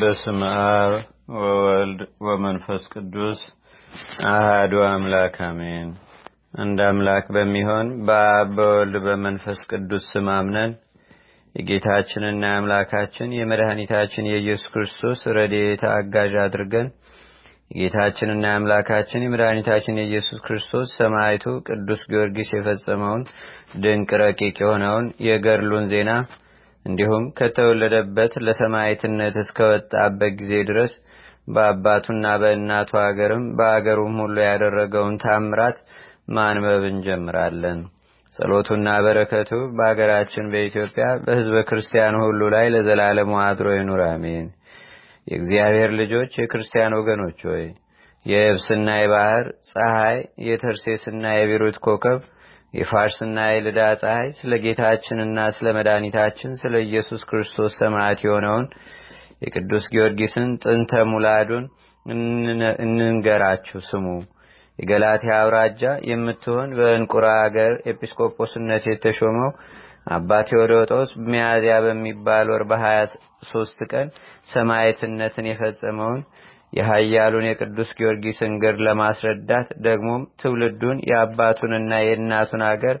በስም አብ ወወልድ ወመንፈስ ቅዱስ አህዱ አምላክ አሜን። እንደ አምላክ በሚሆን በአብ በወልድ በመንፈስ ቅዱስ ስም አምነን የጌታችንና የአምላካችን የመድኃኒታችን የኢየሱስ ክርስቶስ ረድኤት አጋዥ አድርገን የጌታችንና የአምላካችን የመድኃኒታችን የኢየሱስ ክርስቶስ ሰማይቱ ቅዱስ ጊዮርጊስ የፈጸመውን ድንቅ ረቂቅ የሆነውን የገድሉን ዜና እንዲሁም ከተወለደበት ለሰማይትነት እስከወጣበት ጊዜ ድረስ በአባቱና በእናቱ አገርም በአገሩም ሁሉ ያደረገውን ታምራት ማንበብ እንጀምራለን። ጸሎቱና በረከቱ በአገራችን በኢትዮጵያ በህዝበ ክርስቲያኑ ሁሉ ላይ ለዘላለሙ አድሮ ይኑር፣ አሜን። የእግዚአብሔር ልጆች የክርስቲያን ወገኖች ሆይ የየብስና የባህር ፀሐይ፣ የተርሴስና የቢሩት ኮከብ የፋርስና የልዳ ፀሐይ ስለ ጌታችንና ስለ መድኃኒታችን ስለ ኢየሱስ ክርስቶስ ሰማዕት የሆነውን የቅዱስ ጊዮርጊስን ጥንተ ሙላዱን እንንገራችሁ ስሙ። የገላትያ አውራጃ የምትሆን በእንቁራ አገር ኤጲስቆጶስነት የተሾመው አባ ቴዎዶጦስ ሚያዝያ በሚባል ወር በሀያ ሶስት ቀን ሰማዕትነትን የፈጸመውን የሀያሉን የቅዱስ ጊዮርጊስን ገድል ለማስረዳት ደግሞም ትውልዱን የአባቱንና የእናቱን አገር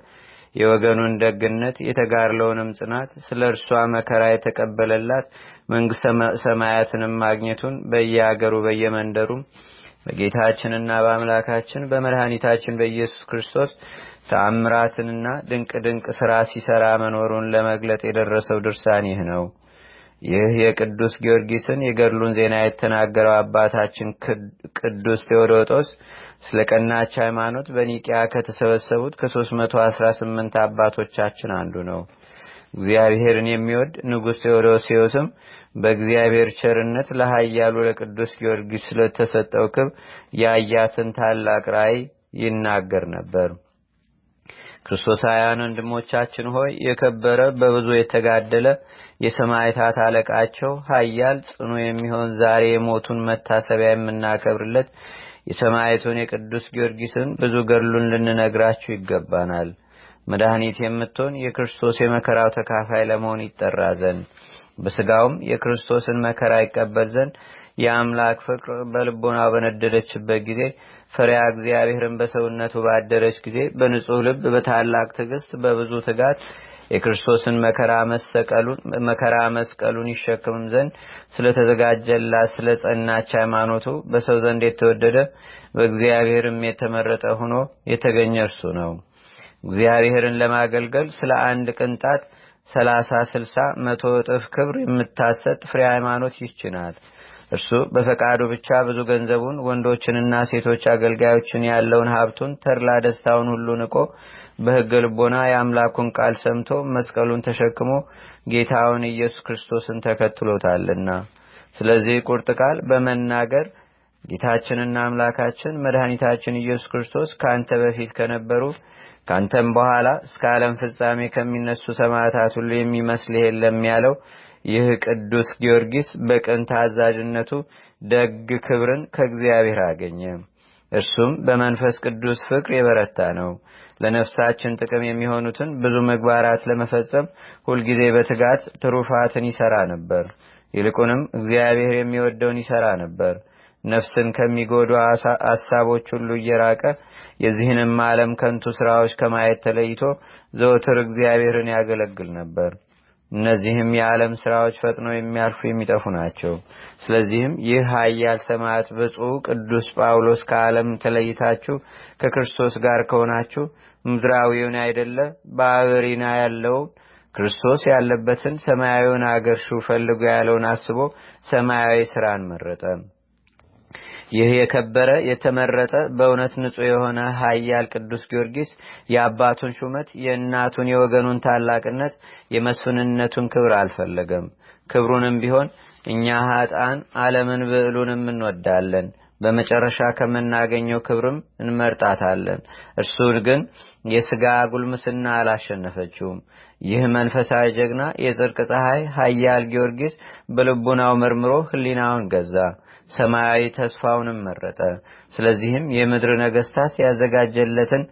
የወገኑን ደግነት የተጋርለውንም ጽናት ስለ እርሷ መከራ የተቀበለላት መንግሥተ ሰማያትንም ማግኘቱን በየአገሩ በየመንደሩም በጌታችንና በአምላካችን በመድኃኒታችን በኢየሱስ ክርስቶስ ተአምራትንና ድንቅ ድንቅ ሥራ ሲሠራ መኖሩን ለመግለጥ የደረሰው ድርሳን ይህ ነው። ይህ የቅዱስ ጊዮርጊስን የገድሉን ዜና የተናገረው አባታችን ቅዱስ ቴዎዶጦስ ስለ ቀናች ሃይማኖት በኒቅያ ከተሰበሰቡት ከ318 አባቶቻችን አንዱ ነው። እግዚአብሔርን የሚወድ ንጉሥ ቴዎዶሲዮስም በእግዚአብሔር ቸርነት ለሀያሉ ለቅዱስ ጊዮርጊስ ስለተሰጠው ክብ ያያትን ታላቅ ራእይ ይናገር ነበር። ክርስቶሳውያን ወንድሞቻችን ሆይ የከበረ በብዙ የተጋደለ የሰማይታት አለቃቸው ኃያል ጽኑ የሚሆን ዛሬ የሞቱን መታሰቢያ የምናከብርለት የሰማይቱን የቅዱስ ጊዮርጊስን ብዙ ገድሉን ልንነግራችሁ ይገባናል። መድኃኒት የምትሆን የክርስቶስ የመከራው ተካፋይ ለመሆን ይጠራ ዘንድ በስጋውም የክርስቶስን መከራ ይቀበል ዘንድ የአምላክ ፍቅር በልቦና በነደደችበት ጊዜ ፍሬያ እግዚአብሔርን በሰውነቱ ባደረች ጊዜ በንጹህ ልብ በታላቅ ትዕግስት በብዙ ትጋት የክርስቶስን መከራ መስቀሉን ይሸክምም ዘንድ ስለተዘጋጀላት ስለ ጸናች ሃይማኖቱ በሰው ዘንድ የተወደደ በእግዚአብሔርም የተመረጠ ሆኖ የተገኘ እርሱ ነው። እግዚአብሔርን ለማገልገል ስለ አንድ ቅንጣት ሰላሳ ስልሳ መቶ እጥፍ ክብር የምታሰጥ ፍሬ ሃይማኖት ይችናል። ናት። እርሱ በፈቃዱ ብቻ ብዙ ገንዘቡን ወንዶችንና ሴቶች አገልጋዮችን ያለውን ሀብቱን ተድላ ደስታውን ሁሉ ንቆ በህገ ልቦና የአምላኩን ቃል ሰምቶ መስቀሉን ተሸክሞ ጌታውን ኢየሱስ ክርስቶስን ተከትሎታልና። ስለዚህ ቁርጥ ቃል በመናገር ጌታችንና አምላካችን መድኃኒታችን ኢየሱስ ክርስቶስ ከአንተ በፊት ከነበሩ ካንተም በኋላ እስከ ዓለም ፍጻሜ ከሚነሱ ሰማዕታት ሁሉ የሚመስል የለም ያለው ይህ ቅዱስ ጊዮርጊስ በቅን ታዛዥነቱ ደግ ክብርን ከእግዚአብሔር አገኘ። እርሱም በመንፈስ ቅዱስ ፍቅር የበረታ ነው። ለነፍሳችን ጥቅም የሚሆኑትን ብዙ ምግባራት ለመፈጸም ሁልጊዜ በትጋት ትሩፋትን ይሠራ ነበር። ይልቁንም እግዚአብሔር የሚወደውን ይሠራ ነበር። ነፍስን ከሚጎዱ አሳቦች ሁሉ እየራቀ የዚህንም ዓለም ከንቱ ሥራዎች ከማየት ተለይቶ ዘወትር እግዚአብሔርን ያገለግል ነበር። እነዚህም የዓለም ሥራዎች ፈጥነው የሚያልፉ የሚጠፉ ናቸው። ስለዚህም ይህ ሀያል ሰማዕት በጹ ቅዱስ ጳውሎስ ከዓለም ተለይታችሁ ከክርስቶስ ጋር ከሆናችሁ ምድራዊውን አይደለ በአበሪና ያለውን ክርስቶስ ያለበትን ሰማያዊውን አገር ሹ ፈልጎ ያለውን አስቦ ሰማያዊ ሥራን መረጠ። ይህ የከበረ የተመረጠ በእውነት ንጹህ የሆነ ሀያል ቅዱስ ጊዮርጊስ የአባቱን ሹመት የእናቱን የወገኑን ታላቅነት የመስፍንነቱን ክብር አልፈለገም። ክብሩንም ቢሆን እኛ ኃጣን ዓለምን ብዕሉንም እንወዳለን በመጨረሻ ከምናገኘው ክብርም እንመርጣታለን። እርሱ ግን የሥጋ ጉልምስና አላሸነፈችውም። ይህ መንፈሳዊ ጀግና የጽድቅ ፀሐይ ሀያል ጊዮርጊስ በልቡናው መርምሮ ህሊናውን ገዛ። ሰማያዊ ተስፋውንም መረጠ። ስለዚህም የምድር ነገስታት ያዘጋጀለትን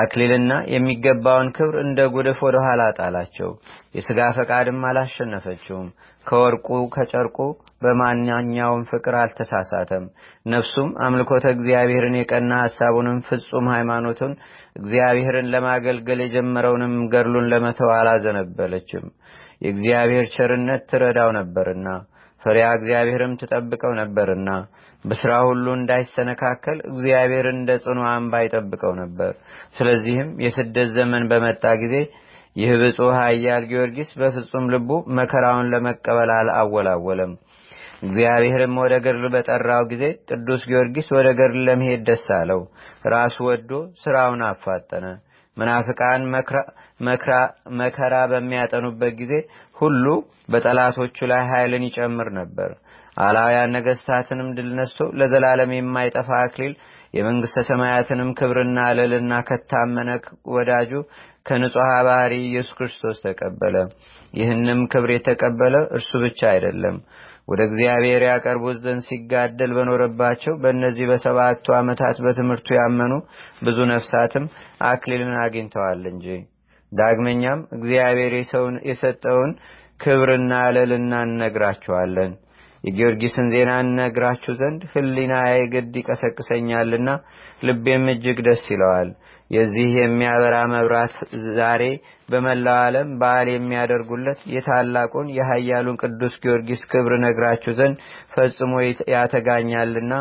አክሊልና የሚገባውን ክብር እንደ ጉድፍ ወደ ኋላ ጣላቸው። የሥጋ ፈቃድም አላሸነፈችውም። ከወርቁ ከጨርቁ በማንኛውም ፍቅር አልተሳሳተም። ነፍሱም አምልኮተ እግዚአብሔርን የቀና ሐሳቡንም ፍጹም ሃይማኖቱን እግዚአብሔርን ለማገልገል የጀመረውንም ገድሉን ለመተው አላዘነበለችም። የእግዚአብሔር ቸርነት ትረዳው ነበርና ፈሪያ እግዚአብሔርም ትጠብቀው ነበርና በሥራ ሁሉ እንዳይሰነካከል እግዚአብሔር እንደ ጽኑ አምባ ይጠብቀው ነበር። ስለዚህም የስደት ዘመን በመጣ ጊዜ ይህ ብፁዕ ኃያል ጊዮርጊስ በፍጹም ልቡ መከራውን ለመቀበል አላወላወለም። እግዚአብሔርም ወደ ገድል በጠራው ጊዜ ቅዱስ ጊዮርጊስ ወደ ገድል ለመሄድ ደስ አለው። ራሱ ወዶ ሥራውን አፋጠነ። መናፍቃን መከራ በሚያጠኑበት ጊዜ ሁሉ በጠላቶቹ ላይ ኃይልን ይጨምር ነበር። አላውያን ነገስታትንም ድል ነስቶ ለዘላለም የማይጠፋ አክሊል የመንግሥተ ሰማያትንም ክብርና ልልና ከታመነ ወዳጁ ከንጹሐ ባህሪ ኢየሱስ ክርስቶስ ተቀበለ። ይህንም ክብር የተቀበለ እርሱ ብቻ አይደለም፣ ወደ እግዚአብሔር ያቀርቡት ዘንድ ሲጋደል በኖረባቸው በእነዚህ በሰባቱ ዓመታት በትምህርቱ ያመኑ ብዙ ነፍሳትም አክሊልን አግኝተዋል እንጂ ዳግመኛም እግዚአብሔር የሰጠውን ክብርና ለልና እነግራችኋለን። የጊዮርጊስን ዜና እነግራችሁ ዘንድ ህሊና የግድ ይቀሰቅሰኛልና ልቤም እጅግ ደስ ይለዋል። የዚህ የሚያበራ መብራት ዛሬ በመላው ዓለም በዓል የሚያደርጉለት የታላቁን የሀያሉን ቅዱስ ጊዮርጊስ ክብር ነግራችሁ ዘንድ ፈጽሞ ያተጋኛልና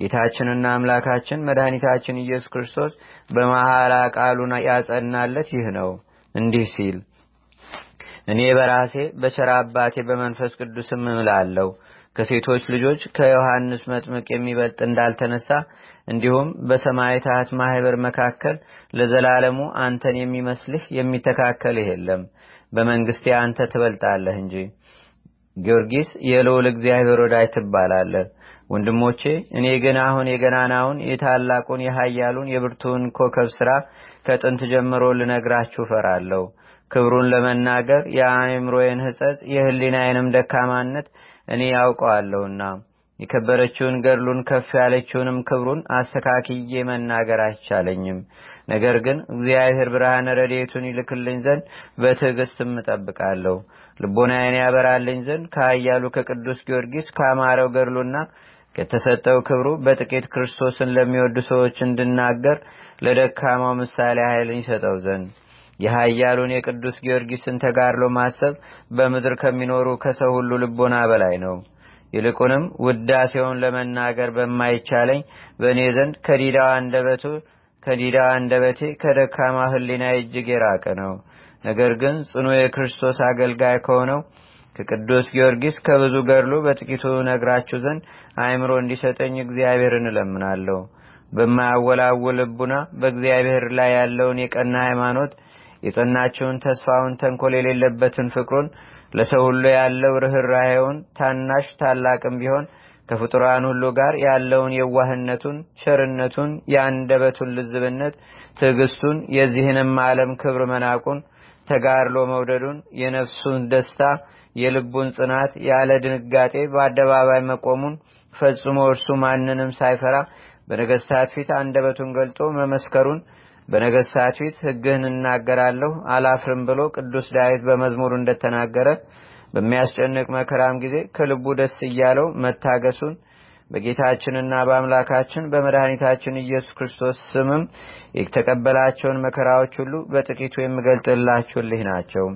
ጌታችንና አምላካችን መድኃኒታችን ኢየሱስ ክርስቶስ በመሐላ ቃሉን ያጸናለት ይህ ነው እንዲህ ሲል እኔ በራሴ በቸራ አባቴ በመንፈስ ቅዱስም እምላለሁ ከሴቶች ልጆች ከዮሐንስ መጥምቅ የሚበልጥ እንዳልተነሳ እንዲሁም በሰማዕታት ማህበር መካከል ለዘላለሙ አንተን የሚመስልህ የሚተካከልህ የለም በመንግስቴ አንተ ትበልጣለህ እንጂ ጊዮርጊስ የልዑል እግዚአብሔር ወዳጅ ትባላለህ ወንድሞቼ እኔ ገና አሁን የገናናውን የታላቁን የኃያሉን የብርቱን ኮከብ ስራ ከጥንት ጀምሮ ልነግራችሁ ፈራለሁ። ክብሩን ለመናገር የአእምሮዬን ህጸጽ የህሊናዬንም ደካማነት እኔ ያውቀዋለሁና የከበረችውን ገድሉን ከፍ ያለችውንም ክብሩን አስተካክዬ መናገር አይቻለኝም። ነገር ግን እግዚአብሔር ብርሃነ ረዴቱን ይልክልኝ ዘንድ በትዕግስትም እምጠብቃለሁ ልቦናዬን ያበራልኝ ዘንድ ከአያሉ ከቅዱስ ጊዮርጊስ ከአማረው ገድሉና ከተሰጠው ክብሩ በጥቂት ክርስቶስን ለሚወዱ ሰዎች እንድናገር ለደካማው ምሳሌ ኃይልን ይሰጠው ዘንድ የሀያሉን የቅዱስ ጊዮርጊስን ተጋድሎ ማሰብ በምድር ከሚኖሩ ከሰው ሁሉ ልቦና በላይ ነው። ይልቁንም ውዳሴውን ለመናገር በማይቻለኝ በእኔ ዘንድ ከዲዳዋ አንደበቴ ከደካማ ህሊና እጅግ የራቀ ነው። ነገር ግን ጽኑ የክርስቶስ አገልጋይ ከሆነው ከቅዱስ ጊዮርጊስ ከብዙ ገድሉ በጥቂቱ ነግራችሁ ዘንድ አእምሮ እንዲሰጠኝ እግዚአብሔርን እለምናለሁ። በማያወላውል ልቡና በእግዚአብሔር ላይ ያለውን የቀና ሃይማኖት፣ የጸናችውን ተስፋውን፣ ተንኮል የሌለበትን ፍቅሩን፣ ለሰው ሁሉ ያለው ርኅራሄውን ታናሽ ታላቅም ቢሆን ከፍጡራን ሁሉ ጋር ያለውን የዋህነቱን፣ ቸርነቱን፣ የአንደበቱን ልዝብነት፣ ትዕግስቱን፣ የዚህንም ዓለም ክብር መናቁን ተጋድሎ መውደዱን የነፍሱን ደስታ የልቡን ጽናት ያለ ድንጋጤ በአደባባይ መቆሙን ፈጽሞ እርሱ ማንንም ሳይፈራ በነገስታት ፊት አንደበቱን ገልጦ መመስከሩን በነገስታት ፊት ህግህን እናገራለሁ አላፍርም ብሎ ቅዱስ ዳዊት በመዝሙር እንደተናገረ በሚያስጨንቅ መከራም ጊዜ ከልቡ ደስ እያለው መታገሱን በጌታችንና በአምላካችን በመድኃኒታችን ኢየሱስ ክርስቶስ ስምም የተቀበላቸውን መከራዎች ሁሉ በጥቂቱ የምገልጥላችሁልህ ናቸው።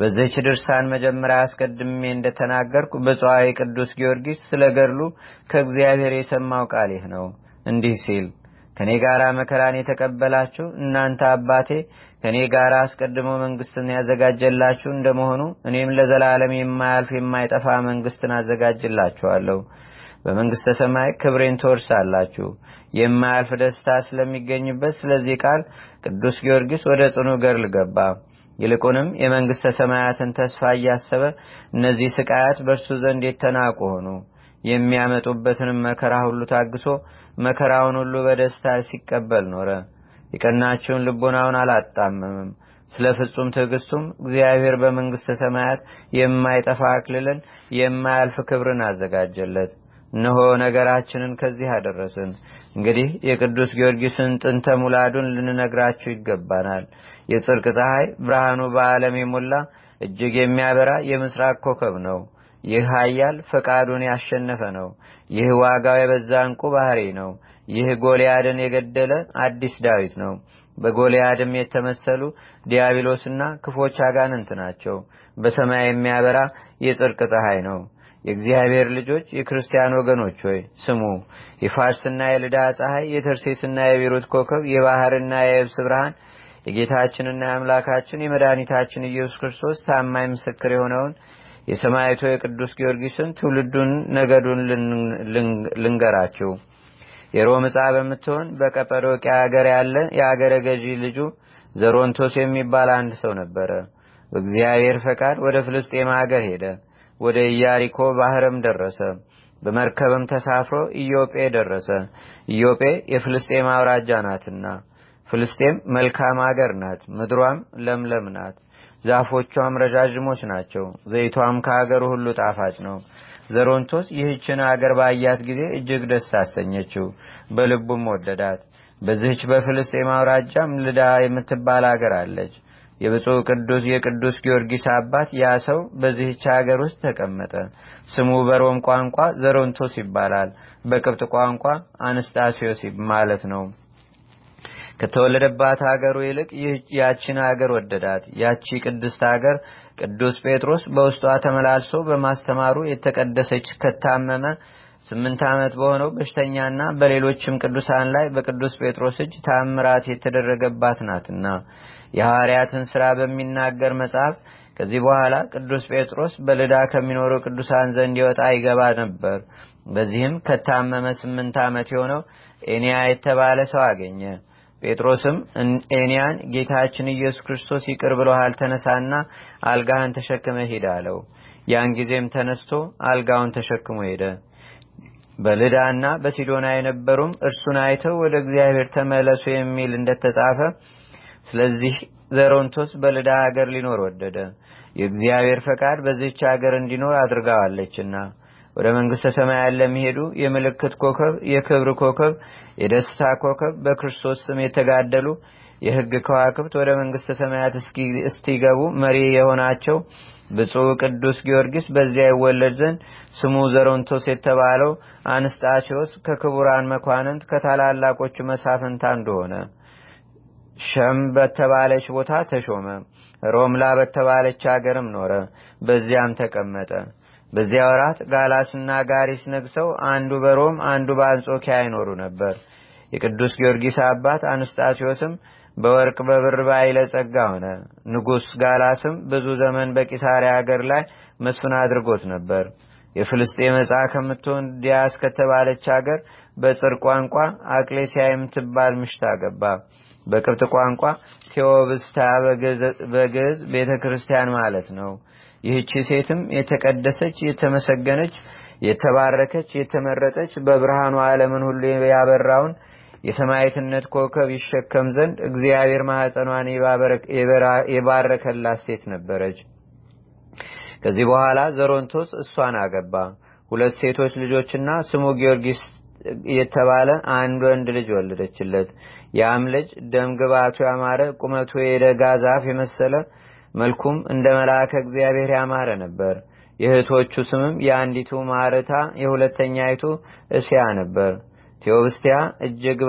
በዚህች ድርሳን መጀመሪያ አስቀድሜ እንደተናገርኩ ብፁዓዊ ቅዱስ ጊዮርጊስ ስለ ገድሉ ከእግዚአብሔር የሰማው ቃል ይህ ነው። እንዲህ ሲል ከእኔ ጋር መከራን የተቀበላችሁ እናንተ አባቴ ከእኔ ጋር አስቀድሞ መንግስትን ያዘጋጀላችሁ እንደመሆኑ እኔም ለዘላለም የማያልፍ የማይጠፋ መንግስትን አዘጋጅላችኋለሁ በመንግስተ ሰማይ ክብሬን ትወርሳላችሁ የማያልፍ ደስታ ስለሚገኝበት ስለዚህ ቃል ቅዱስ ጊዮርጊስ ወደ ጽኑ ገርል ገባ ይልቁንም የመንግሥተ ሰማያትን ተስፋ እያሰበ እነዚህ ስቃያት በእርሱ ዘንድ የተናቁ ሆኑ የሚያመጡበትንም መከራ ሁሉ ታግሶ መከራውን ሁሉ በደስታ ሲቀበል ኖረ የቀናችውን ልቦናውን አላጣምምም ስለ ፍጹም ትዕግስቱም እግዚአብሔር በመንግሥተ ሰማያት የማይጠፋ አክልልን የማያልፍ ክብርን አዘጋጀለት እነሆ ነገራችንን ከዚህ አደረስን እንግዲህ የቅዱስ ጊዮርጊስን ጥንተ ሙላዱን ልንነግራችሁ ይገባናል የጽርቅ ፀሐይ ብርሃኑ በዓለም የሞላ እጅግ የሚያበራ የምስራቅ ኮከብ ነው ይህ ሀያል ፈቃዱን ያሸነፈ ነው ይህ ዋጋው የበዛ ዕንቁ ባህሪ ነው ይህ ጎልያድን የገደለ አዲስ ዳዊት ነው። በጎልያድም የተመሰሉ ዲያብሎስና ክፎች አጋንንት ናቸው። በሰማይ የሚያበራ የጽርቅ ፀሐይ ነው። የእግዚአብሔር ልጆች የክርስቲያን ወገኖች ሆይ ስሙ። የፋርስና የልዳ ፀሐይ፣ የተርሴስና የቢሮት ኮከብ፣ የባህርና የብስ ብርሃን የጌታችንና የአምላካችን የመድኃኒታችን ኢየሱስ ክርስቶስ ታማኝ ምስክር የሆነውን የሰማይቶ የቅዱስ ጊዮርጊስን ትውልዱን ነገዱን ልንገራችው የሮም ዕፃ በምትሆን በቀጰዶቅያ አገር ያለ የአገረ ገዢ ልጁ ዘሮንቶስ የሚባል አንድ ሰው ነበረ። በእግዚአብሔር ፈቃድ ወደ ፍልስጤም አገር ሄደ። ወደ ኢያሪኮ ባህርም ደረሰ። በመርከብም ተሳፍሮ ኢዮጴ ደረሰ። ኢዮጴ የፍልስጤም አውራጃ ናትና፣ ፍልስጤም መልካም አገር ናት። ምድሯም ለምለም ናት። ዛፎቿም ረዣዥሞች ናቸው። ዘይቷም ከአገሩ ሁሉ ጣፋጭ ነው። ዘሮንቶስ ይህችን አገር ባያት ጊዜ እጅግ ደስ አሰኘችው፣ በልቡም ወደዳት። በዚህች በፍልስጤም አውራጃም ልዳ የምትባል አገር አለች። የብፁዕ ቅዱስ የቅዱስ ጊዮርጊስ አባት ያ ሰው በዚህች አገር ውስጥ ተቀመጠ። ስሙ በሮም ቋንቋ ዘሮንቶስ ይባላል፣ በቅብጥ ቋንቋ አንስጣሲዮስ ማለት ነው። ከተወለደባት አገሩ ይልቅ ያቺን አገር ወደዳት። ያቺ ቅድስት አገር ቅዱስ ጴጥሮስ በውስጧ ተመላልሶ በማስተማሩ የተቀደሰች ከታመመ ስምንት ዓመት በሆነው በሽተኛና በሌሎችም ቅዱሳን ላይ በቅዱስ ጴጥሮስ እጅ ታምራት የተደረገባት ናትና የሐዋርያትን ሥራ በሚናገር መጽሐፍ ከዚህ በኋላ ቅዱስ ጴጥሮስ በልዳ ከሚኖሩ ቅዱሳን ዘንድ ይወጣ ይገባ ነበር። በዚህም ከታመመ ስምንት ዓመት የሆነው ኤንያ የተባለ ሰው አገኘ። ጴጥሮስም ኤንያን ጌታችን ኢየሱስ ክርስቶስ ይቅር ብሎሃል፣ ተነሳና አልጋህን ተሸክመ ሄደ አለው። ያን ጊዜም ተነስቶ አልጋውን ተሸክሞ ሄደ። በልዳና በሲዶና የነበሩም እርሱን አይተው ወደ እግዚአብሔር ተመለሱ የሚል እንደተጻፈ ስለዚህ ዘሮንቶስ በልዳ አገር ሊኖር ወደደ። የእግዚአብሔር ፈቃድ በዚህች አገር እንዲኖር አድርጋዋለችና ወደ መንግሥተ ሰማያት ለሚሄዱ የምልክት ኮከብ፣ የክብር ኮከብ፣ የደስታ ኮከብ በክርስቶስ ስም የተጋደሉ የሕግ ከዋክብት ወደ መንግሥተ ሰማያት እስቲገቡ መሪ የሆናቸው ብፁዕ ቅዱስ ጊዮርጊስ በዚያ ይወለድ ዘንድ ስሙ ዘሮንቶስ የተባለው አንስጣሴዎስ ከክቡራን መኳንንት ከታላላቆቹ መሳፍንት አንዱ ሆነ። ሸም በተባለች ቦታ ተሾመ። ሮምላ በተባለች አገርም ኖረ፣ በዚያም ተቀመጠ። በዚያ ወራት ጋላስና ጋሪስ ነግሰው አንዱ በሮም አንዱ በአንጾኪያ አይኖሩ ነበር። የቅዱስ ጊዮርጊስ አባት አንስጣሲዮስም በወርቅ በብር ባይለ ጸጋ ሆነ። ንጉሥ ጋላስም ብዙ ዘመን በቂሳሪ አገር ላይ መስፍን አድርጎት ነበር። የፍልስጤ መጻ ከምትሆን ዲያስ ከተባለች አገር በጽር ቋንቋ አቅሌሲያ የምትባል ምሽት አገባ። በቅብጥ ቋንቋ ቴዎብስታ በግዕዝ ቤተ ክርስቲያን ማለት ነው። ይህች ሴትም የተቀደሰች የተመሰገነች የተባረከች የተመረጠች በብርሃኑ ዓለምን ሁሉ ያበራውን የሰማይትነት ኮከብ ይሸከም ዘንድ እግዚአብሔር ማህፀኗን የባረከላት ሴት ነበረች። ከዚህ በኋላ ዘሮንቶስ እሷን አገባ። ሁለት ሴቶች ልጆችና ስሙ ጊዮርጊስ የተባለ አንድ ወንድ ልጅ ወለደችለት። ያም ልጅ ደምግባቱ ያማረ ቁመቱ የደጋ ዛፍ የመሰለ መልኩም እንደ መልአከ እግዚአብሔር ያማረ ነበር። የእህቶቹ ስምም የአንዲቱ ማርታ የሁለተኛይቱ እስያ ነበር። ቴዎብስቲያ እጅግ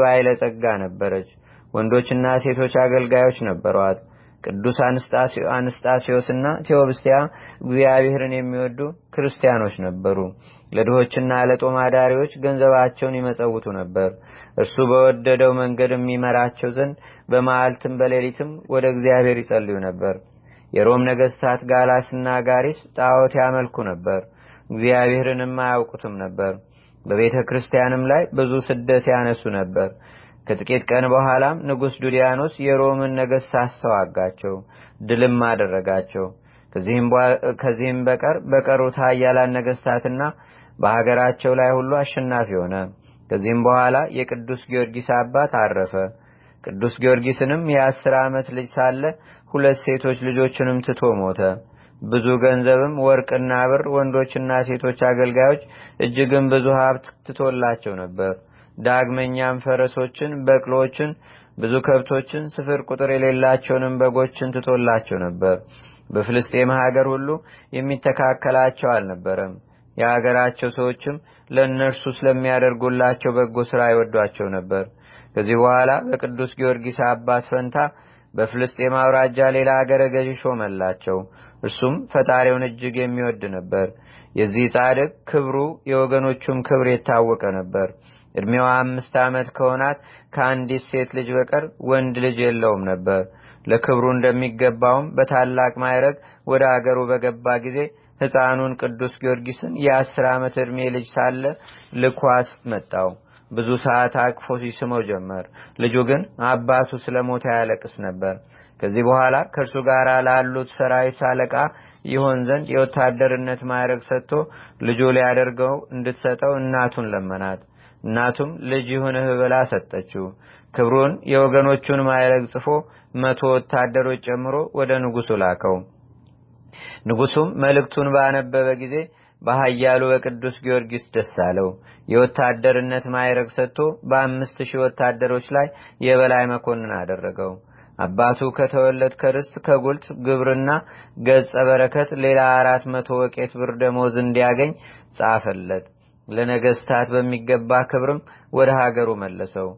ጸጋ ነበረች። ወንዶችና ሴቶች አገልጋዮች ነበሯት። ቅዱስ አንስጣሲዮስና ቴዎብስቲያ እግዚአብሔርን የሚወዱ ክርስቲያኖች ነበሩ። ለድሆችና ለጦማዳሪዎች ገንዘባቸውን ይመጸውቱ ነበር። እርሱ በወደደው መንገድ የሚመራቸው ዘንድ በመዓልትም በሌሊትም ወደ እግዚአብሔር ይጸልዩ ነበር። የሮም ነገስታት ጋላስና ጋሪስ ጣዖት ያመልኩ ነበር እግዚአብሔርንም አያውቁትም ነበር በቤተ ክርስቲያንም ላይ ብዙ ስደት ያነሱ ነበር ከጥቂት ቀን በኋላም ንጉሥ ዱዲያኖስ የሮምን ነገሥት አስተዋጋቸው ድልም አደረጋቸው ከዚህም በቀር በቀሩት ሀያላን ነገሥታትና በሀገራቸው ላይ ሁሉ አሸናፊ ሆነ ከዚህም በኋላ የቅዱስ ጊዮርጊስ አባት አረፈ ቅዱስ ጊዮርጊስንም የአስር ዓመት ልጅ ሳለ ሁለት ሴቶች ልጆችንም ትቶ ሞተ። ብዙ ገንዘብም ወርቅና ብር፣ ወንዶችና ሴቶች አገልጋዮች፣ እጅግም ብዙ ሀብት ትቶላቸው ነበር። ዳግመኛም ፈረሶችን፣ በቅሎችን፣ ብዙ ከብቶችን፣ ስፍር ቁጥር የሌላቸውንም በጎችን ትቶላቸው ነበር። በፍልስጤም ሀገር ሁሉ የሚተካከላቸው አልነበረም። የሀገራቸው ሰዎችም ለእነርሱ ስለሚያደርጉላቸው በጎ ሥራ ይወዷቸው ነበር። ከዚህ በኋላ በቅዱስ ጊዮርጊስ አባት ፈንታ በፍልስጤም አውራጃ ሌላ አገረ ገዥ ሾመላቸው። እርሱም ፈጣሪውን እጅግ የሚወድ ነበር። የዚህ ጻድቅ ክብሩ የወገኖቹም ክብር የታወቀ ነበር። ዕድሜዋ አምስት ዓመት ከሆናት ከአንዲት ሴት ልጅ በቀር ወንድ ልጅ የለውም ነበር። ለክብሩ እንደሚገባውም በታላቅ ማይረግ ወደ አገሩ በገባ ጊዜ ሕፃኑን ቅዱስ ጊዮርጊስን የአስር ዓመት ዕድሜ ልጅ ሳለ ልኳስ መጣው። ብዙ ሰዓት አቅፎ ሲስመው ጀመር። ልጁ ግን አባቱ ሞተ ያለቅስ ነበር። ከዚህ በኋላ ከእርሱ ጋር ላሉት ሰራዊት አለቃ ይሆን ዘንድ የወታደርነት ማድረግ ሰጥቶ ልጁ ሊያደርገው እንድትሰጠው እናቱን ለመናት። እናቱም ልጅ ይሁንህ ብላ ሰጠችው። ክብሩን የወገኖቹን ማይረግ ጽፎ መቶ ወታደሮች ጨምሮ ወደ ንጉሱ ላከው። ንጉሱም መልእክቱን ባነበበ ጊዜ በኃያሉ በቅዱስ ጊዮርጊስ ደስ አለው። የወታደርነት ማይረግ ሰጥቶ በአምስት ሺህ ወታደሮች ላይ የበላይ መኮንን አደረገው። አባቱ ከተወለድ ከርስት ከጉልት ግብርና ገጸ በረከት ሌላ አራት መቶ ወቄት ብር ደሞዝ እንዲያገኝ ጻፈለት። ለነገስታት በሚገባ ክብርም ወደ ሀገሩ መለሰው።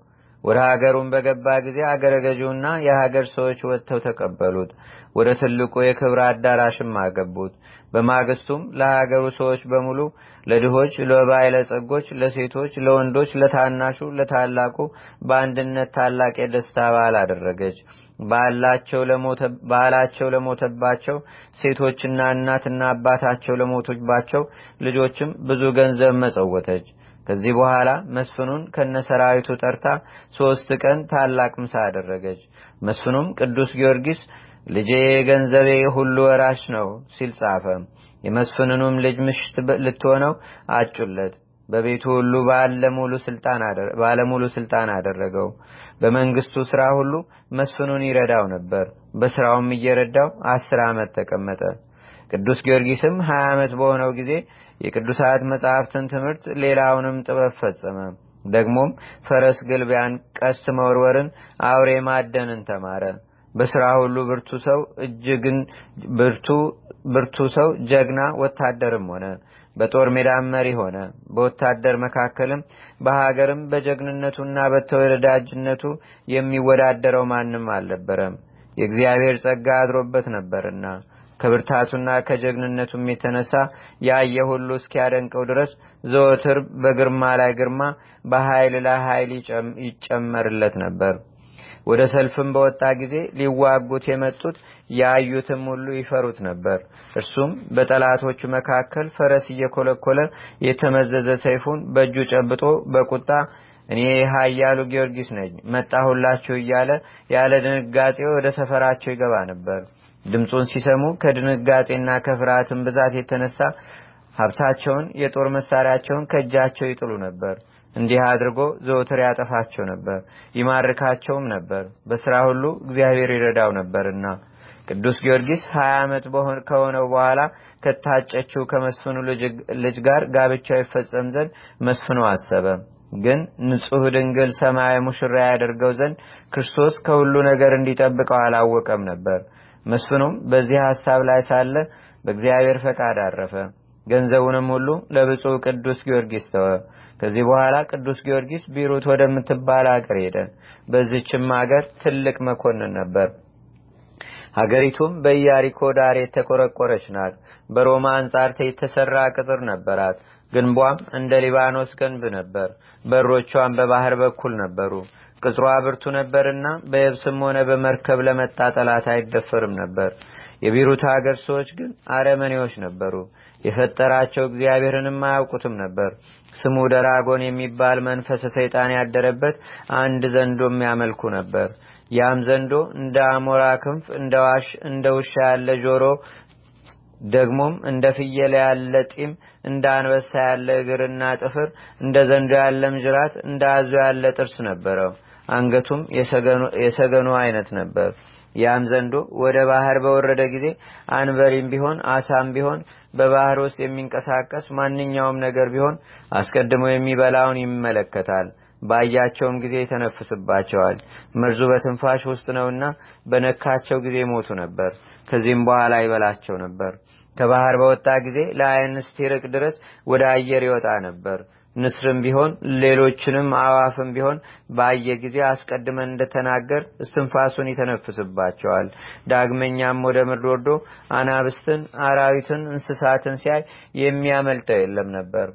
ወደ ሀገሩን በገባ ጊዜ አገረ ገዢውና የሀገር ሰዎች ወጥተው ተቀበሉት። ወደ ትልቁ የክብር አዳራሽም አገቡት። በማግስቱም ለሀገሩ ሰዎች በሙሉ ለድሆች፣ ለባለጸጎች፣ ለሴቶች፣ ለወንዶች፣ ለታናሹ፣ ለታላቁ በአንድነት ታላቅ የደስታ በዓል አደረገች። ባህላቸው ለሞተባቸው ሴቶችና እናትና አባታቸው ለሞቱባቸው ልጆችም ብዙ ገንዘብ መጸወተች። ከዚህ በኋላ መስፍኑን ከነሰራዊቱ ጠርታ ሶስት ቀን ታላቅ ምሳ አደረገች። መስፍኑም ቅዱስ ጊዮርጊስ ልጄ ገንዘቤ ሁሉ ወራሽ ነው ሲል ጻፈ። የመስፍንኑም ልጅ ምሽት ልትሆነው አጩለት። በቤቱ ሁሉ ባለሙሉ ስልጣን አደረገው። በመንግስቱ ስራ ሁሉ መስፍኑን ይረዳው ነበር። በስራውም እየረዳው አስር ዓመት ተቀመጠ። ቅዱስ ጊዮርጊስም ሀያ ዓመት በሆነው ጊዜ የቅዱሳት መጻሕፍትን ትምህርት ሌላውንም ጥበብ ፈጸመ። ደግሞም ፈረስ ግልቢያን፣ ቀስት መወርወርን፣ አውሬ ማደንን ተማረ። በሥራ ሁሉ ብርቱ ሰው እጅግን ብርቱ ሰው ጀግና ወታደርም ሆነ። በጦር ሜዳም መሪ ሆነ። በወታደር መካከልም በሀገርም በጀግንነቱና በተወዳጅነቱ የሚወዳደረው ማንም አልነበረም፣ የእግዚአብሔር ጸጋ አድሮበት ነበርና። ከብርታቱና ከጀግንነቱም የተነሳ ያየ ሁሉ እስኪያደንቀው ድረስ ዘወትር በግርማ ላይ ግርማ በኃይል ላይ ኃይል ይጨመርለት ነበር። ወደ ሰልፍም በወጣ ጊዜ ሊዋጉት የመጡት ያዩትም ሁሉ ይፈሩት ነበር። እርሱም በጠላቶቹ መካከል ፈረስ እየኮለኮለ የተመዘዘ ሰይፉን በእጁ ጨብጦ በቁጣ እኔ ኃያሉ ጊዮርጊስ ነኝ መጣሁላችሁ እያለ ያለ ድንጋጼ ወደ ሰፈራቸው ይገባ ነበር። ድምፁን ሲሰሙ ከድንጋጤና ከፍርሃትን ብዛት የተነሳ ሀብታቸውን፣ የጦር መሳሪያቸውን ከእጃቸው ይጥሉ ነበር። እንዲህ አድርጎ ዘወትር ያጠፋቸው ነበር፣ ይማርካቸውም ነበር። በስራ ሁሉ እግዚአብሔር ይረዳው ነበርና ቅዱስ ጊዮርጊስ ሀያ ዓመት ከሆነው በኋላ ከታጨችው ከመስፍኑ ልጅ ጋር ጋብቻው ይፈጸም ዘንድ መስፍኑ አሰበ። ግን ንጹሕ ድንግል ሰማያዊ ሙሽራ ያደርገው ዘንድ ክርስቶስ ከሁሉ ነገር እንዲጠብቀው አላወቀም ነበር። መስፍኑም በዚህ ሐሳብ ላይ ሳለ በእግዚአብሔር ፈቃድ አረፈ። ገንዘቡንም ሁሉ ለብፁዕ ቅዱስ ጊዮርጊስ ተወ። ከዚህ በኋላ ቅዱስ ጊዮርጊስ ቢሩት ወደምትባል አገር ሄደ። በዚችም አገር ትልቅ መኮንን ነበር። ሀገሪቱም በኢያሪኮ ዳር የተቆረቆረች ናት። በሮማ አንጻር የተሰራ ቅጥር ነበራት። ግንቧም እንደ ሊባኖስ ገንብ ነበር። በሮቿም በባህር በኩል ነበሩ። ቅጥሯ ብርቱ ነበርና በየብስም ሆነ በመርከብ ለመጣ ጠላት አይደፈርም ነበር። የቢሩት ሀገር ሰዎች ግን አረመኔዎች ነበሩ። የፈጠራቸው እግዚአብሔርንም አያውቁትም ነበር። ስሙ ደራጎን የሚባል መንፈሰ ሰይጣን ያደረበት አንድ ዘንዶ የሚያመልኩ ነበር። ያም ዘንዶ እንደ አሞራ ክንፍ፣ እንደ ዋሽ እንደ ውሻ ያለ ጆሮ፣ ደግሞም እንደ ፍየል ያለ ጢም፣ እንደ አንበሳ ያለ እግርና ጥፍር፣ እንደ ዘንዶ ያለም ጅራት፣ እንደ አዞ ያለ ጥርስ ነበረው። አንገቱም የሰገኑ አይነት ነበር። ያም ዘንዶ ወደ ባህር በወረደ ጊዜ አንበሪም ቢሆን አሳም ቢሆን በባህር ውስጥ የሚንቀሳቀስ ማንኛውም ነገር ቢሆን አስቀድሞ የሚበላውን ይመለከታል። ባያቸውም ጊዜ ይተነፍስባቸዋል። መርዙ በትንፋሽ ውስጥ ነውና በነካቸው ጊዜ ሞቱ ነበር። ከዚህም በኋላ ይበላቸው ነበር። ከባህር በወጣ ጊዜ ለአይን ድረስ ወደ አየር ይወጣ ነበር። ንስርም ቢሆን ሌሎችንም አዋፍም ቢሆን ባየ ጊዜ አስቀድመን እንደተናገር እስትንፋሱን ይተነፍስባቸዋል። ዳግመኛም ወደ ምድር ወርዶ አናብስትን፣ አራዊትን፣ እንስሳትን ሲያይ የሚያመልጠው የለም ነበር።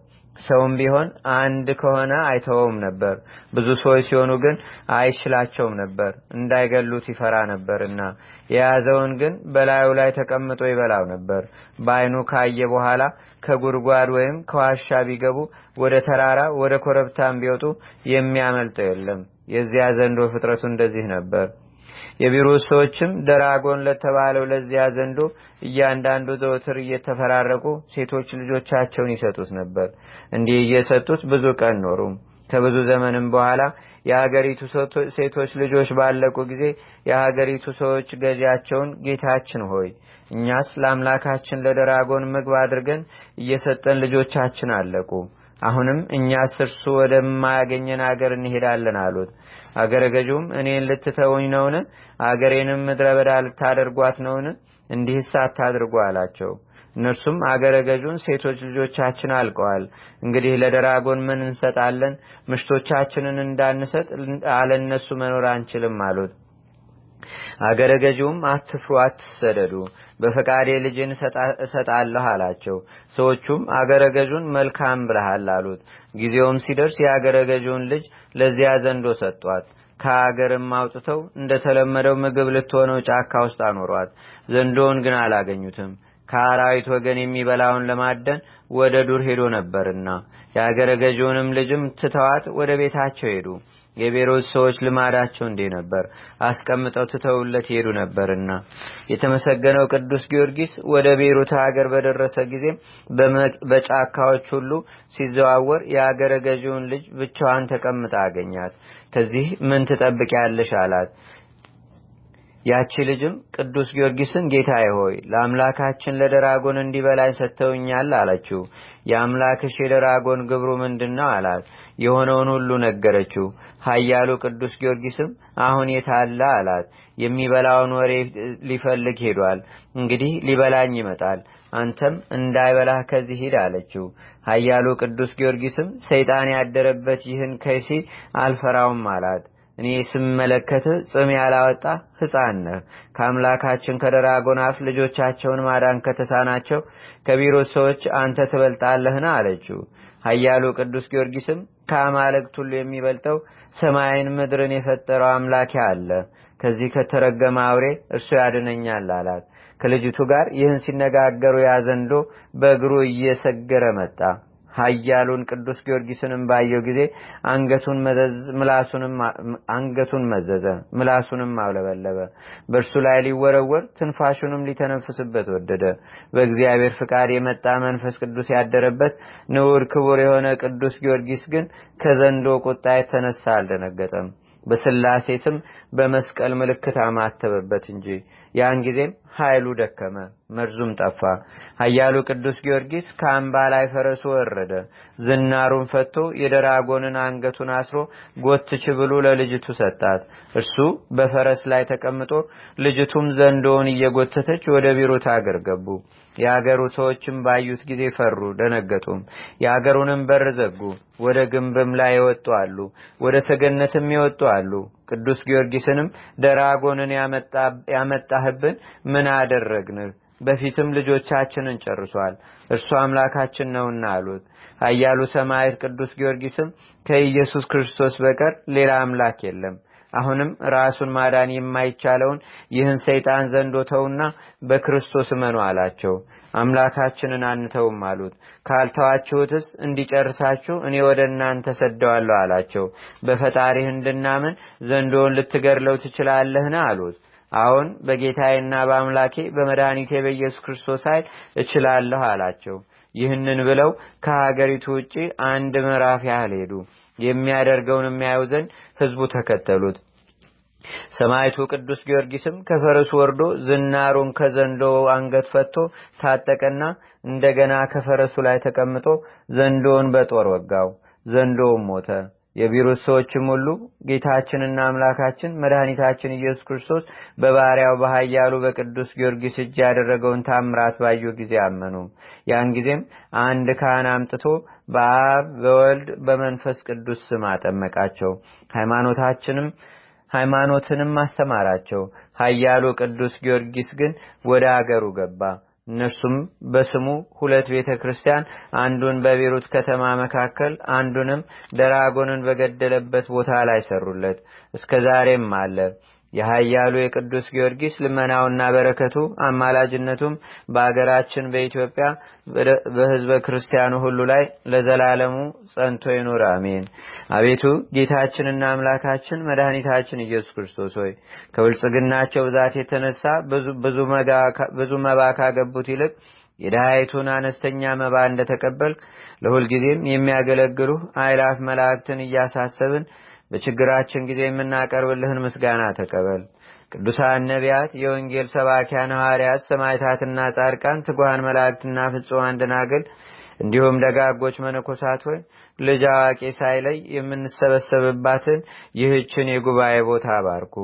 ሰውም ቢሆን አንድ ከሆነ አይተውም ነበር። ብዙ ሰዎች ሲሆኑ ግን አይችላቸውም ነበር፣ እንዳይገሉት ይፈራ ነበርና። የያዘውን ግን በላዩ ላይ ተቀምጦ ይበላው ነበር። በአይኑ ካየ በኋላ ከጉድጓድ ወይም ከዋሻ ቢገቡ፣ ወደ ተራራ ወደ ኮረብታም ቢወጡ የሚያመልጠው የለም። የዚያ ዘንዶ ፍጥረቱ እንደዚህ ነበር። የቢሮ ሰዎችም ደራጎን ለተባለው ለዚያ ዘንዶ እያንዳንዱ ዘወትር እየተፈራረቁ ሴቶች ልጆቻቸውን ይሰጡት ነበር። እንዲህ እየሰጡት ብዙ ቀን ኖሩ። ከብዙ ዘመንም በኋላ የሀገሪቱ ሴቶች ልጆች ባለቁ ጊዜ የሀገሪቱ ሰዎች ገዢያቸውን ጌታችን ሆይ እኛስ ለአምላካችን ለደራጎን ምግብ አድርገን እየሰጠን ልጆቻችን አለቁ አሁንም እኛስ እርሱ ወደማያገኘን አገር እንሄዳለን አሉት አገረ ገዥውም እኔን ልትተውኝ ነውን አገሬንም ምድረ በዳ ልታደርጓት ነውን እንዲህስ አታድርጉ አላቸው እነርሱም አገረ ገዡን ሴቶች ልጆቻችን አልቀዋል እንግዲህ ለደራጎን ምን እንሰጣለን ምሽቶቻችንን እንዳንሰጥ አለነሱ መኖር አንችልም አሉት አገረ ገዢውም አትፍሩ አትሰደዱ በፈቃዴ ልጅን እሰጣለሁ አላቸው። ሰዎቹም አገረ መልካም ብለሃል አሉት። ጊዜውም ሲደርስ የአገረገዡን ልጅ ለዚያ ዘንዶ ሰጧት። ከአገርም አውጥተው እንደተለመደው ምግብ ልትሆነው ጫካ ውስጥ አኖሯት። ዘንዶውን ግን አላገኙትም። ከአራዊት ወገን የሚበላውን ለማደን ወደ ዱር ሄዶ ነበርና የአገረ ገዢውንም ልጅም ትተዋት ወደ ቤታቸው ሄዱ። የቤሮት ሰዎች ልማዳቸው እንዲህ ነበር፣ አስቀምጠው ትተውለት ይሄዱ ነበርና። የተመሰገነው ቅዱስ ጊዮርጊስ ወደ ቤሩት ሀገር በደረሰ ጊዜ በጫካዎች ሁሉ ሲዘዋወር የአገረ ገዢውን ልጅ ብቻዋን ተቀምጣ አገኛት። ከዚህ ምን ያለሽ አላት። ያቺ ልጅም ቅዱስ ጊዮርጊስን ጌታ ሆይ ለአምላካችን ለደራጎን እንዲበላኝ ሰጥተውኛል አለችው። የአምላክሽ የደራጎን ግብሩ ምንድን ነው አላት። የሆነውን ሁሉ ነገረችው። ሀያሉ ቅዱስ ጊዮርጊስም አሁን የታለ አላት። የሚበላውን ወሬ ሊፈልግ ሄዷል። እንግዲህ ሊበላኝ ይመጣል። አንተም እንዳይበላህ ከዚህ ሂድ አለችው። ሀያሉ ቅዱስ ጊዮርጊስም ሰይጣን ያደረበት ይህን ከይሲ አልፈራውም አላት። እኔ ስመለከት ጽም ያላወጣ ህፃን ነህ። ከአምላካችን ከደራጎናፍ ልጆቻቸውን ማዳን ከተሳናቸው ከቢሮ ሰዎች አንተ ትበልጣለህን? አለችው። ኃያሉ ቅዱስ ጊዮርጊስም ከአማልክት ሁሉ የሚበልጠው ሰማይን ምድርን የፈጠረው አምላኬ አለ፣ ከዚህ ከተረገመ አውሬ እርሱ ያድነኛል አላት። ከልጅቱ ጋር ይህን ሲነጋገሩ ያዘንዶ በእግሩ እየሰገረ መጣ። ኃያሉን ቅዱስ ጊዮርጊስንም ባየው ጊዜ አንገቱን አንገቱን መዘዘ፣ ምላሱንም አውለበለበ። በእርሱ ላይ ሊወረወር ትንፋሹንም ሊተነፍስበት ወደደ። በእግዚአብሔር ፍቃድ የመጣ መንፈስ ቅዱስ ያደረበት ንዑድ ክቡር የሆነ ቅዱስ ጊዮርጊስ ግን ከዘንዶ ቁጣ የተነሳ አልደነገጠም፣ በስላሴ ስም በመስቀል ምልክት አማተበበት እንጂ ያን ጊዜም ኃይሉ ደከመ፣ መርዙም ጠፋ። ኃያሉ ቅዱስ ጊዮርጊስ ከአምባ ላይ ፈረሱ ወረደ። ዝናሩን ፈቶ የደራጎንን አንገቱን አስሮ ጎትች ብሎ ለልጅቱ ሰጣት። እርሱ በፈረስ ላይ ተቀምጦ፣ ልጅቱም ዘንዶውን እየጎተተች ወደ ቢሮ አገር ገቡ። የአገሩ ሰዎችም ባዩት ጊዜ ፈሩ፣ ደነገጡም። የአገሩንም በር ዘጉ። ወደ ግንብም ላይ የወጡ አሉ፣ ወደ ሰገነትም የወጡ አሉ። ቅዱስ ጊዮርጊስንም ደራጎንን ያመጣህብን ምን ምን አደረግንህ? በፊትም ልጆቻችንን ጨርሷል፣ እርሱ አምላካችን ነውና አሉት። አያሉ ሰማዕት ቅዱስ ጊዮርጊስም ከኢየሱስ ክርስቶስ በቀር ሌላ አምላክ የለም አሁንም ራሱን ማዳን የማይቻለውን ይህን ሰይጣን ዘንዶ ተውና በክርስቶስ እመኑ አላቸው። አምላካችንን አንተውም አሉት። ካልተዋችሁትስ እንዲጨርሳችሁ እኔ ወደ እናንተ ሰደዋለሁ አላቸው። በፈጣሪህ እንድናምን ዘንዶውን ልትገድለው ትችላለህን? አሉት። አሁን በጌታዬና በአምላኬ በመድኃኒቴ በኢየሱስ ክርስቶስ ኃይል እችላለሁ አላቸው። ይህንን ብለው ከሀገሪቱ ውጪ አንድ ምዕራፍ ያህል ሄዱ። የሚያደርገውን የሚያዩ ዘንድ ህዝቡ ተከተሉት። ሰማይቱ ቅዱስ ጊዮርጊስም ከፈረሱ ወርዶ ዝናሩን ከዘንዶ አንገት ፈቶ ታጠቀና እንደገና ከፈረሱ ላይ ተቀምጦ ዘንዶውን በጦር ወጋው። ዘንዶውም ሞተ። የቢሮ ሰዎችም ሁሉ ጌታችንና አምላካችን መድኃኒታችን ኢየሱስ ክርስቶስ በባሪያው በሀያሉ በቅዱስ ጊዮርጊስ እጅ ያደረገውን ታምራት ባዩ ጊዜ አመኑ። ያን ጊዜም አንድ ካህን አምጥቶ በአብ በወልድ በመንፈስ ቅዱስ ስም አጠመቃቸው። ሃይማኖታችንም ሃይማኖትንም አስተማራቸው። ሀያሉ ቅዱስ ጊዮርጊስ ግን ወደ አገሩ ገባ። እነርሱም በስሙ ሁለት ቤተ ክርስቲያን አንዱን በቤሩት ከተማ መካከል አንዱንም ደራጎንን በገደለበት ቦታ ላይ ሰሩለት እስከ ዛሬም አለ የኃያሉ የቅዱስ ጊዮርጊስ ልመናውና በረከቱ አማላጅነቱም በአገራችን በኢትዮጵያ በህዝበ ክርስቲያኑ ሁሉ ላይ ለዘላለሙ ጸንቶ ይኑር፣ አሜን። አቤቱ ጌታችንና አምላካችን መድኃኒታችን ኢየሱስ ክርስቶስ ሆይ ከብልጽግናቸው ብዛት የተነሳ ብዙ መባ ካገቡት ይልቅ የድሃይቱን አነስተኛ መባ እንደተቀበልክ ለሁልጊዜም የሚያገለግሉ አይላፍ መላእክትን እያሳሰብን በችግራችን ጊዜ የምናቀርብልህን ምስጋና ተቀበል። ቅዱሳን ነቢያት፣ የወንጌል ሰባኪያ ነዋርያት ሰማይታትና ጻድቃን፣ ትጉሃን መላእክትና ፍጹማን ደናግል እንዲሁም ደጋጎች መነኮሳት ሆይ ልጅ አዋቂ ሳይለይ የምንሰበሰብባትን ይህችን የጉባኤ ቦታ ባርኩ።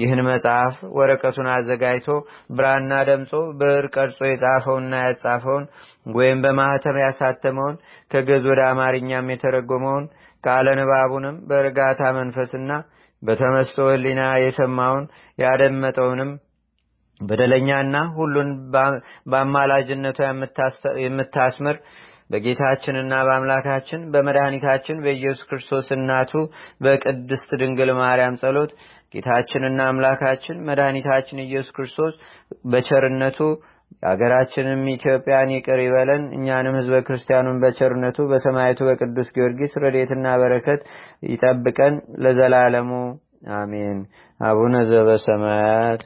ይህን መጽሐፍ ወረቀቱን አዘጋጅቶ ብራና ደምጾ ብዕር ቀርጾ የጻፈውና ያጻፈውን ወይም በማኅተም ያሳተመውን ከገዝ ወደ አማርኛም የተረጎመውን ቃለ ንባቡንም በእርጋታ መንፈስና በተመስቶ ህሊና የሰማውን ያደመጠውንም በደለኛና ሁሉን በአማላጅነቷ የምታስምር በጌታችንና በአምላካችን በመድኃኒታችን በኢየሱስ ክርስቶስ እናቱ በቅድስት ድንግል ማርያም ጸሎት ጌታችንና አምላካችን መድኃኒታችን ኢየሱስ ክርስቶስ በቸርነቱ የአገራችንም ኢትዮጵያን ይቅር ይበለን እኛንም ህዝበ ክርስቲያኑን በቸርነቱ በሰማይቱ በቅዱስ ጊዮርጊስ ረዴትና በረከት ይጠብቀን ለዘላለሙ አሜን አቡነ ዘበሰማያት